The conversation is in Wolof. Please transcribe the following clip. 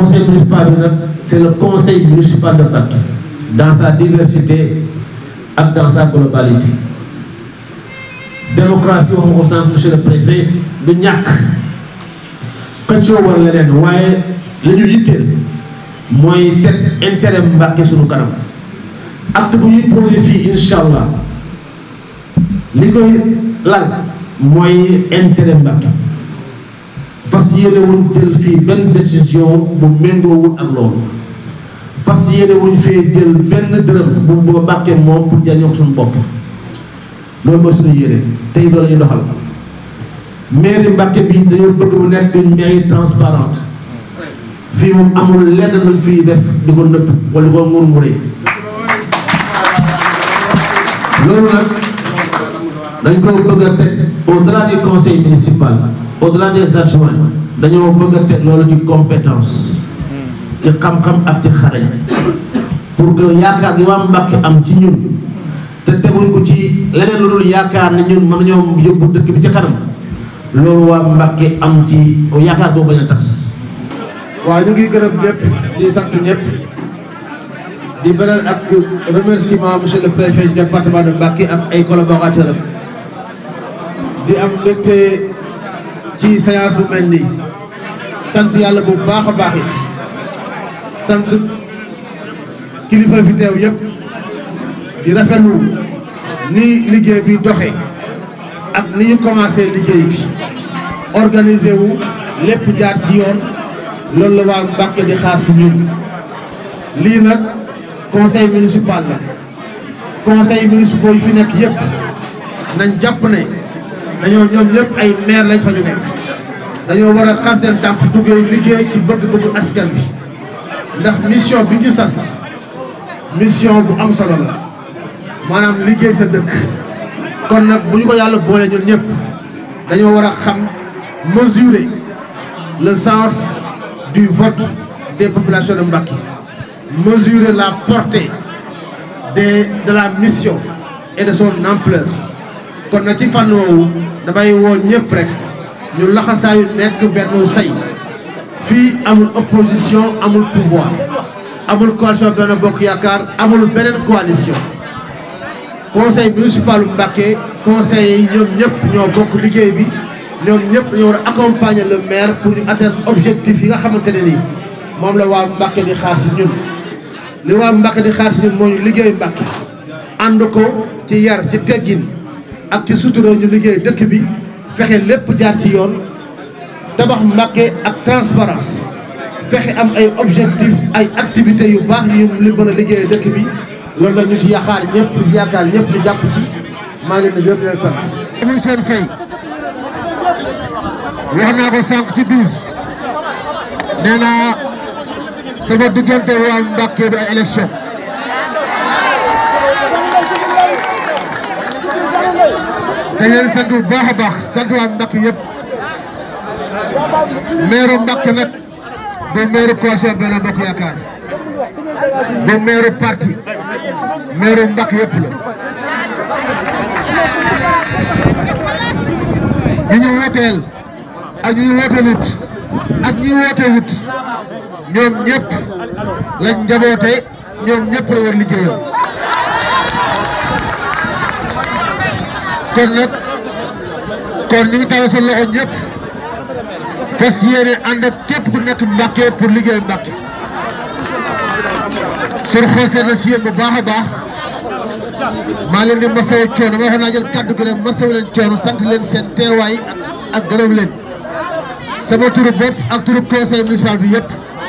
conseil municipal bi nag de Mbacké dans diversité ak dans sa globalité démocratie wax nga ko sànq monsieur le préfet du ñàkk xëccoo war leneen waaye la ñu yitteel mooy teg intérêt Mbacké suñu kanam acte bu ñuy posé fii incha allah li koy lal mooy intérêt Mbacké fas yéenewuñ jël fii benn décision bu méngoowul ak loolu fas yéenewuñ fee jël benn dërëm bu mu ba bàkkee moom pour jañoo suñu bopp loolu mooy suñu yéene tey loolu la ñu doxal mairie Mbàkke bi dañoo bëgg mu nekk une mairie transparente fii moom amul lenn luñ fiy def di ko nëtt wala di ko murmuree loolu nag dañ koy bëgg a teg au delà du conseil municipal au-delà des dañoo bëgg a teg loolu ci compétence mm-hmm. ci xam-xam ak ci xarañ pour que yaakaar gi waa Mbàkke am ci ñun te tegul ko ci leneen lu yaakaar ne ñun mën nañoo yóbbu dëkk bi ca kanam loolu waa Mbàkke am ci yaakaar boo bañ a tas waaw ñu ngi gërëm ñëpp di sant ñëpp di beral ak remerciement monsieur le préfet du département de Mbacké ak ay collaborateurs am di am mbégte ci séance bu mel nii sant yàlla bu baax a baax sant kilifa fi teew yëpp di rafetlu ni liggéey bi doxe ak ni ñu commencé liggéey bi organiser wu jaar ci yoon loolu la waa Mbàkke di xaar si ñun lii nag conseil municipal la conseil municipal yi fi nekk yëpp nañ jàpp ne dañoo ñoom ñëpp ay maire lañ fa ñu nekk dañoo war a xar seen tànk duggee liggéey ci bëgg-bëggu askan bi ndax mission bi ñu sas mission bu am solo la maanaam liggéey sa dëkk kon nag bu ñu ko yàlla boole ñun ñëpp dañoo war a xam mesurer le sens du vote des populations de Mbacké mesurer la portée des de la mission et de son ampleur kon na ci fànn woowu damay woo ñëpp rek ñu laxasaayu nekk benn say fii amul opposition amul pouvoir amul coalition benn bokk yaakaar amul beneen coalition conseil municipal bu Mbacké yi ñoom ñëpp ñoo bokk liggéey bi ñoom ñëpp ñoo war a accompagner le maire pour ñu atteindre objectif yi nga xamante ne nii moom la waa Mbacké di xaar si ñun li waa Mbacké di xaar si ñun moo ñu liggéey Mbacké ànd ko ci yar ci teggin ak ci sutura ñu liggéey dëkk bi fexe lépp jaar ci yoon tabax Mbàkke ak transparence fexe am ay objectif ay activités yu baax yu li mën a liggéey dëkk bi loolu la ñu ci yaxaar ñëpp li ci yaakaar ñëpp ñu jàpp ci maa ngi leen di gërëm di leen sant. Seen Faye wax naa ko sànq ci biir nee naa sama diggante waa Mbàkke bi ay dañ leen sant bu baax a baax sant waa Mbacke yëpp meeru Mbacke nag bu meeru conseil Benno Bokk Yaakaar bu meeru parti meeru Mbacke yëpp la. ñi ñu wooteel ak ñi wooteelut ak ñi wooteelut ñoom ñëpp lañ njaboote ñoom ñëpp la war liggéeyam. kon nag kon ñu ngi tàllal seen loxo ñëpp fas yéene ànd ak képp ku nekk Mbàkke pour liggéey Mbàkke seen xol seen na si yéen bu baax a baax maa leen di masawu coono ma waxoon naa jël kàddu gi rek masawu leen coono sant leen seen teewaay ak ak gërëm leen sama turu bopp ak turu conseil municipal bi yëpp.